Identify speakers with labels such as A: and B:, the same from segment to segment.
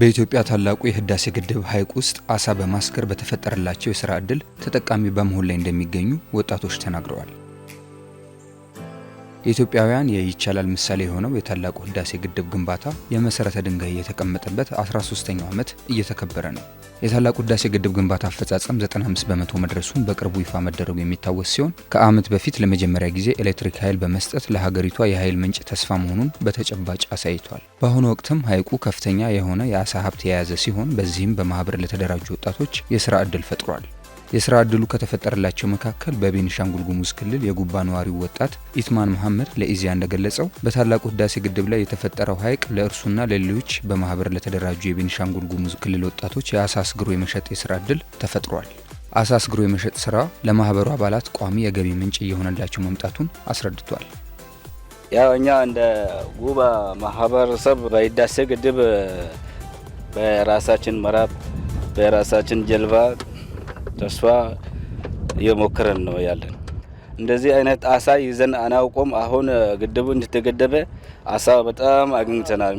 A: በኢትዮጵያ ታላቁ የህዳሴ ግድብ ሐይቅ ውስጥ አሳ በማስገር በተፈጠረላቸው የሥራ ዕድል ተጠቃሚ በመሆን ላይ እንደሚገኙ ወጣቶች ተናግረዋል። ኢትዮጵያውያን የይቻላል ምሳሌ የሆነው የታላቁ ህዳሴ ግድብ ግንባታ የመሠረተ ድንጋይ የተቀመጠበት 13ኛው ዓመት እየተከበረ ነው። የታላቁ ህዳሴ ግድብ ግንባታ አፈጻጸም 95 በመቶ መድረሱን በቅርቡ ይፋ መደረጉ የሚታወስ ሲሆን ከዓመት በፊት ለመጀመሪያ ጊዜ ኤሌክትሪክ ኃይል በመስጠት ለሀገሪቷ የኃይል ምንጭ ተስፋ መሆኑን በተጨባጭ አሳይቷል። በአሁኑ ወቅትም ሐይቁ ከፍተኛ የሆነ የአሳ ሀብት የያዘ ሲሆን በዚህም በማህበር ለተደራጁ ወጣቶች የስራ ዕድል ፈጥሯል። የስራ ዕድሉ ከተፈጠረላቸው መካከል በቤኒሻንጉል ጉሙዝ ክልል የጉባ ነዋሪው ወጣት ኢትማን መሐመድ ለኢዜአ እንደገለጸው በታላቁ ህዳሴ ግድብ ላይ የተፈጠረው ሀይቅ ለእርሱና ለሌሎች በማህበር ለተደራጁ የቤኒሻንጉል ጉሙዝ ክልል ወጣቶች የአሳ አስግሮ የመሸጥ የስራ ዕድል ተፈጥሯል። አሳ አስግሮ የመሸጥ ስራ ለማህበሩ አባላት ቋሚ የገቢ ምንጭ እየሆነላቸው መምጣቱን አስረድቷል።
B: ያው እኛ እንደ ጉባ ማህበረሰብ በህዳሴ ግድብ በራሳችን መራብ በራሳችን ጀልባ ተስፋ እየሞከረን ነው ያለን። እንደዚህ አይነት አሳ ይዘን አናውቆም። አሁን ግድቡ እንደተገደበ አሳ በጣም አግኝተናል።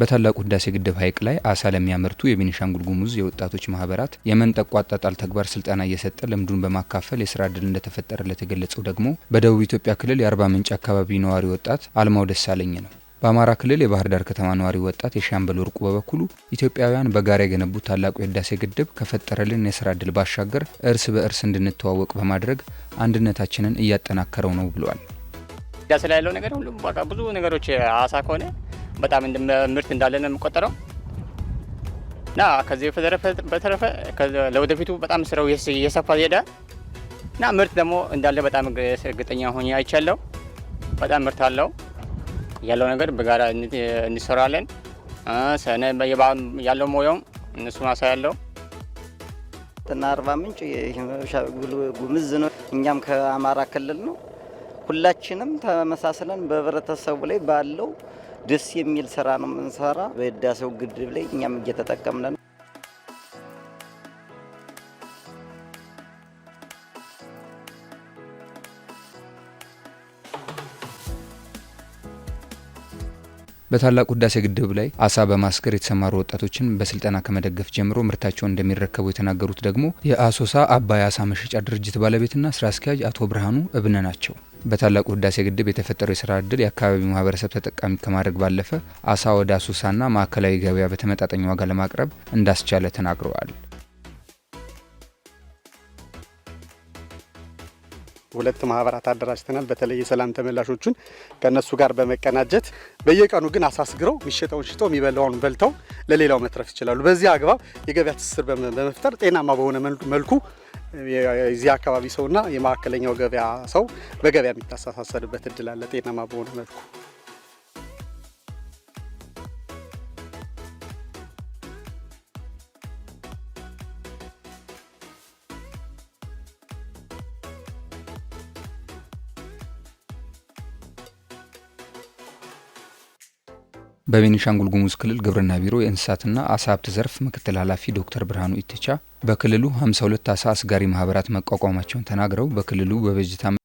A: በታላቁ ህዳሴ ግድብ ሐይቅ ላይ አሳ ለሚያመርቱ የቤኒሻንጉል ጉሙዝ የወጣቶች ማህበራት የመንጠቆ አጣጣል ተግባር ስልጠና እየሰጠ ልምዱን በማካፈል የስራ እድል እንደተፈጠረለት የገለጸው ደግሞ በደቡብ ኢትዮጵያ ክልል የአርባ ምንጭ አካባቢ ነዋሪ ወጣት አልማው ደሳለኝ ነው። በአማራ ክልል የባህር ዳር ከተማ ነዋሪ ወጣት የሻምበል ወርቁ በበኩሉ ኢትዮጵያውያን በጋራ የገነቡት ታላቁ የህዳሴ ግድብ ከፈጠረልን የስራ እድል ባሻገር እርስ በእርስ እንድንተዋወቅ በማድረግ አንድነታችንን እያጠናከረው ነው ብለዋል።
C: ህዳሴ ላይ ያለው ነገር ሁሉም በቃ ብዙ ነገሮች አሳ ከሆነ በጣም ምርት እንዳለ ነው የምቆጠረው እና ከዚህ በተረፈ ለወደፊቱ በጣም ስራው እየሰፋ ይሄዳል እና ምርት ደግሞ እንዳለ በጣም እርግጠኛ ሆኜ አይቻለሁ። በጣም ምርት አለው ያለው ነገር በጋራ እንሰራለን። ያለው ሞያውም እነሱ ማሳ ያለው
D: እና አርባ ምንጭ ጉምዝ ነው። እኛም ከአማራ ክልል ነው። ሁላችንም ተመሳስለን በህብረተሰቡ ላይ ባለው ደስ የሚል ስራ ነው የምንሰራ። በህዳሴው ግድብ ላይ እኛም እየተጠቀምነ ነው።
A: በታላቁ ህዳሴ ግድብ ላይ አሳ በማስገር የተሰማሩ ወጣቶችን በስልጠና ከመደገፍ ጀምሮ ምርታቸውን እንደሚረከቡ የተናገሩት ደግሞ የአሶሳ አባይ አሳ መሸጫ ድርጅት ባለቤትና ስራ አስኪያጅ አቶ ብርሃኑ እብነ ናቸው። በታላቁ ህዳሴ ግድብ የተፈጠረው የስራ እድል የአካባቢው ማህበረሰብ ተጠቃሚ ከማድረግ ባለፈ አሳ ወደ አሶሳና ማዕከላዊ ገበያ በተመጣጣኝ ዋጋ ለማቅረብ እንዳስቻለ ተናግረዋል።
E: ሁለት ማህበራት አደራጅተናል። በተለይ የሰላም ተመላሾቹን ከእነሱ ጋር በመቀናጀት በየቀኑ ግን አሳስግረው የሚሸጠውን ሽጠው የሚበላውን በልተው ለሌላው መትረፍ ይችላሉ። በዚህ አግባብ የገበያ ትስስር በመፍጠር ጤናማ በሆነ መልኩ የዚህ አካባቢ ሰውና የማዕከለኛው ገበያ ሰው በገበያ የሚታሳሳሰልበት እድል አለ ጤናማ በሆነ መልኩ
A: በቤኒሻንጉል ጉሙዝ ክልል ግብርና ቢሮ የእንስሳትና አሳ ሀብት ዘርፍ ምክትል ኃላፊ ዶክተር ብርሃኑ ኢትቻ በክልሉ 52 አሳ አስጋሪ ማህበራት መቋቋማቸውን ተናግረው በክልሉ በበጀት